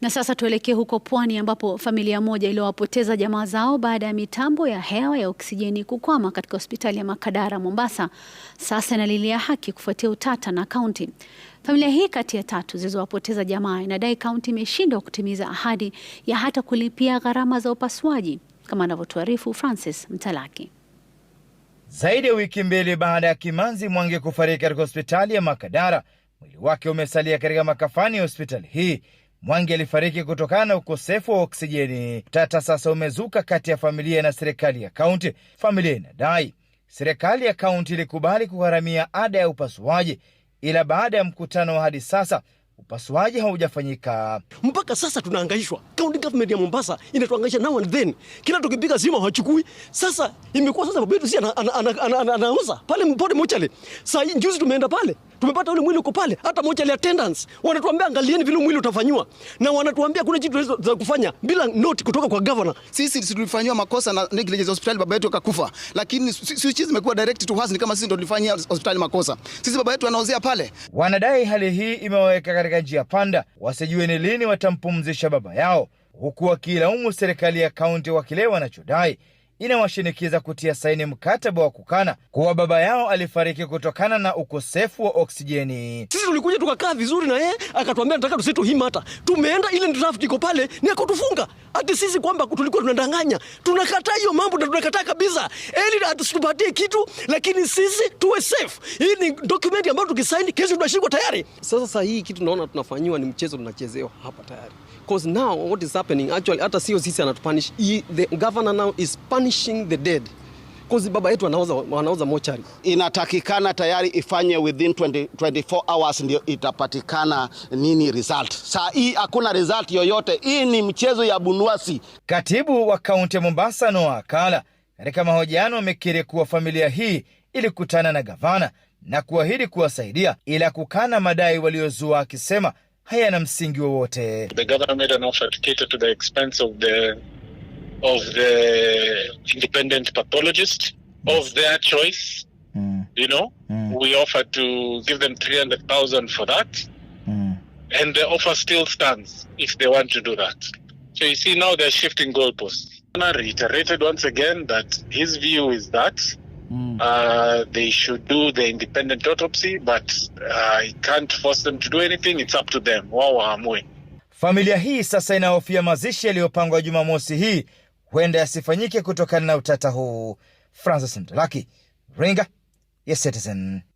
Na sasa tuelekee huko Pwani ambapo familia moja iliyowapoteza jamaa zao baada ya mitambo ya hewa ya oksijeni kukwama katika hospitali ya Makadara Mombasa, sasa inalilia haki kufuatia utata na kaunti. Familia hii kati ya tatu zilizowapoteza jamaa inadai kaunti imeshindwa kutimiza ahadi ya hata kulipia gharama za upasuaji, kama anavyotuarifu Francis Mtalaki. Zaidi ya wiki mbili baada ya Kimanzi Mwangi kufariki katika hospitali ya Makadara, mwili wake umesalia katika makafani ya hospitali hii Mwangi alifariki kutokana na ukosefu wa oksijeni. Tata sasa umezuka kati ya familia na serikali ya kaunti. Familia inadai serikali ya kaunti ilikubali kugharamia ada ya upasuaji, ila baada ya mkutano wa hadi sasa upasuaji haujafanyika. Mpaka sasa tunaangaishwa, county government ya Mombasa inatuangaisha now and then, kila tukipiga simu hawachukui. Sasa imekuwa sasa babetu si anauza pale mpode mochale, saa juzi tumeenda pale tumepata ule mwili uko pale, hata moja ile attendance wanatuambia angalieni vile mwili utafanywa, na wanatuambia kuna kitu za kufanya bila note kutoka kwa governor. Sisi tulifanywa makosa na negligence ya hospitali, baba yetu akakufa, lakini switches zimekuwa direct to us, ni kama sisi ndio tulifanyia hospitali makosa. Sisi baba yetu anaozea pale. Wanadai hali hii imewaweka katika njia panda, wasijue ni lini watampumzisha baba yao, huku wakiilaumu serikali ya kaunti wa kile wanachodai inawashinikiza kutia saini mkataba wa kukana kuwa baba yao alifariki kutokana na ukosefu wa oksijeni. Sisi tulikuja tukakaa vizuri na yeye akatuambia nataka tusitu hii mata. Tumeenda ile draft iko pale ni akutufunga. Ati sisi kwamba tulikuwa tunadanganya. Tunakataa hiyo mambo na tunakataa kabisa. Eli atusipatie kitu lakini sisi tuwe safe. Hii ni document ambayo tukisaini kesho tunashikwa tayari. Sasa sasa hii kitu naona tunafanyiwa ni mchezo tunachezewa hapa tayari. Cause now what is happening actually hata sio sisi anatupunish. The governor now is punishing punishing the dead cause baba yetu wanauza, wanauza mochari. Inatakikana tayari ifanye within 20, 24 hours ndio itapatikana nini result. Saa hii hakuna result yoyote. Hii ni mchezo ya bunuasi. Katibu wa kaunti ya Mombasa Noah Akala katika mahojiano amekiri kuwa familia hii ilikutana na gavana na kuahidi kuwasaidia, ila kukana madai waliozua akisema hayana msingi wowote. The governor made an offer to cater to the expense of the of the independent pathologist of their choice. Mm. You know, mm. we offer to give them 300,000 for that. Mm. And the offer still stands if they want to do that. So you see, now they're shifting goalposts. Anna reiterated once again that his view is that mm. uh, they should do the independent autopsy, but uh, I can't force them to do anything. It's up to them. Wao Familia hii sasa inahofia mazishi yaliyopangwa Jumamosi hii huenda yasifanyike kutokana na utata huu. Francis Ndlaki, ringa ya Citizen.